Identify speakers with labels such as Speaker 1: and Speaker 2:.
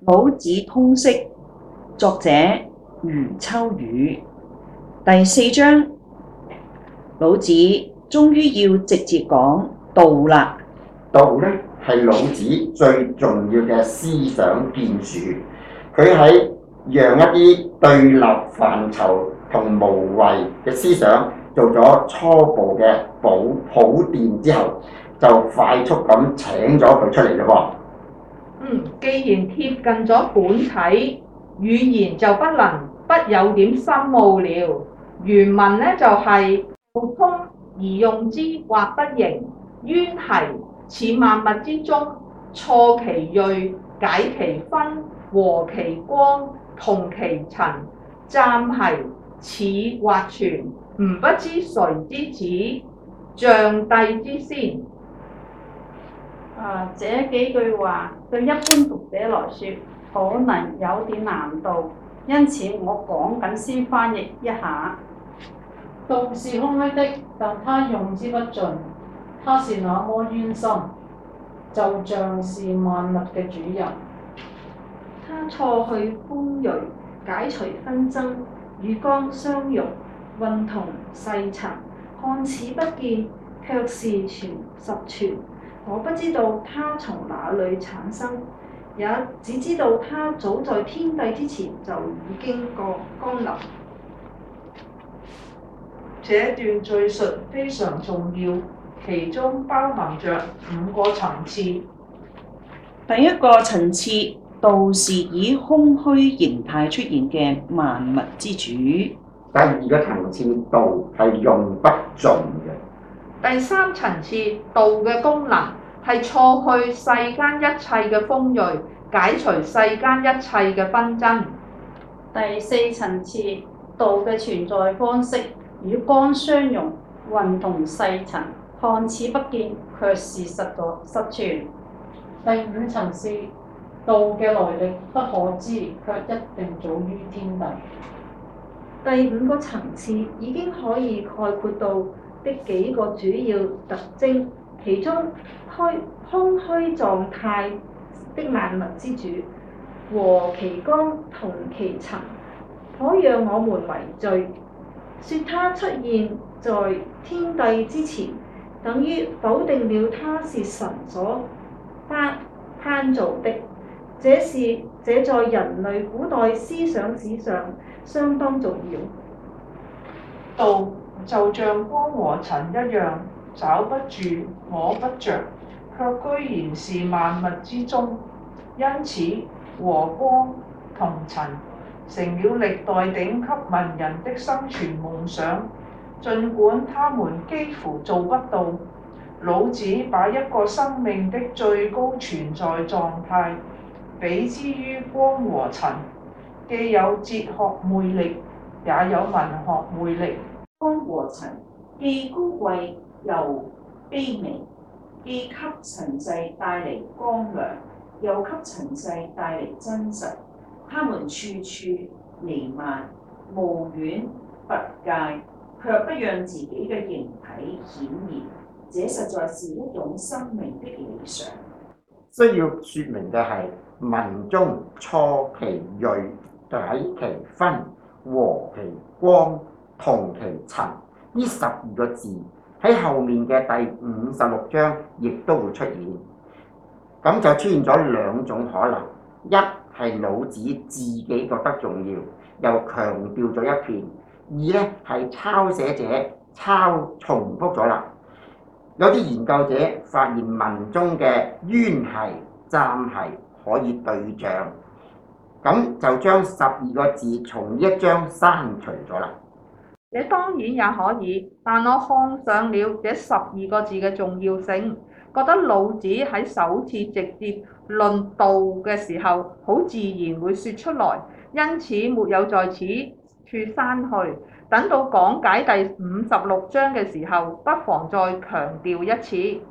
Speaker 1: 老子通釋作者余秋雨第四章，老子終於要直接講道啦。
Speaker 2: 道呢係老子最重要嘅思想建樹，佢喺讓一啲對立範疇同無為嘅思想做咗初步嘅補鋪墊之後，就快速咁請咗佢出嚟咯。
Speaker 3: 既然貼近咗本體語言，就不能不有點深奧了。原文咧就係、是：通而用之或不盈，淵兮似萬物之宗，挫其銳，解其紛，和其光，同其塵。湛兮似或存，吾不知誰之子，象帝之先。啊，這幾句話對一般讀者來說可能有啲難度，因此我講緊先翻譯一下。
Speaker 1: 道是空虛的，但它用之不盡。它是那麼淵深，就像是萬物嘅主人。它挫去鋒銳，解除紛爭，與光相融，混同細塵，看似不見，卻是全十全。我不知道它從哪裏產生，也只知道它早在天地之前就已經降降臨。
Speaker 4: 這段敘述非常重要，其中包含着五個層次。第一個層次,次，
Speaker 1: 道是以空虛形態出現嘅萬物之主。
Speaker 2: 第二個層次，道係用不盡嘅。
Speaker 1: 第三層次，
Speaker 3: 道嘅功能係錯去世間一切嘅風鋭，解除世間一切嘅紛爭。第四層次，道嘅存
Speaker 1: 在方式與光相融，混同世塵，看似不見，卻是實在實存。第五層次，道嘅來歷不可知，卻一定早於天地。第五個層次已經可以概括到。的幾個主要特徵，其中虛空虛狀態的萬物之主和其光同其塵，可讓我們為罪。說他出現在天地之前，等於否定了他是神所攀攀造的。這是這在人類古代思想史上相當重要。
Speaker 4: 道就像光和塵一樣，找不住、摸不着，卻居然是萬物之中，因此和光同塵成了歷代頂級文人的生存夢想。儘管他們幾乎做不到，老子把一個生命的最高存在狀態比之於光和塵，既有哲學魅力，也有文學魅力。光和塵，既高貴又卑微，既給塵世帶嚟光亮，又給塵世帶嚟真實。他們處處瀰漫，無遠弗屆，卻不讓自己嘅形體顯現。這實在是一種生命的理想。
Speaker 2: 需要説明嘅係文中挫其銳，解其紛，和其光，同其塵呢十二個字喺後面嘅第五十六章亦都會出現，咁就出現咗兩種可能：一係老子自己覺得重要，又強調咗一遍；二呢係抄寫者抄重複咗啦。有啲研究者發現文中嘅冤係暫係可以對仗，咁就將十二個字從一章刪除咗啦。
Speaker 3: 這當然也可以，但我看上了這十二個字嘅重要性，覺得老子喺首次直接論道嘅時候，好自然會說出來，因此沒有在此處刪去。等到講解第五十六章嘅時候，不妨再強調一次。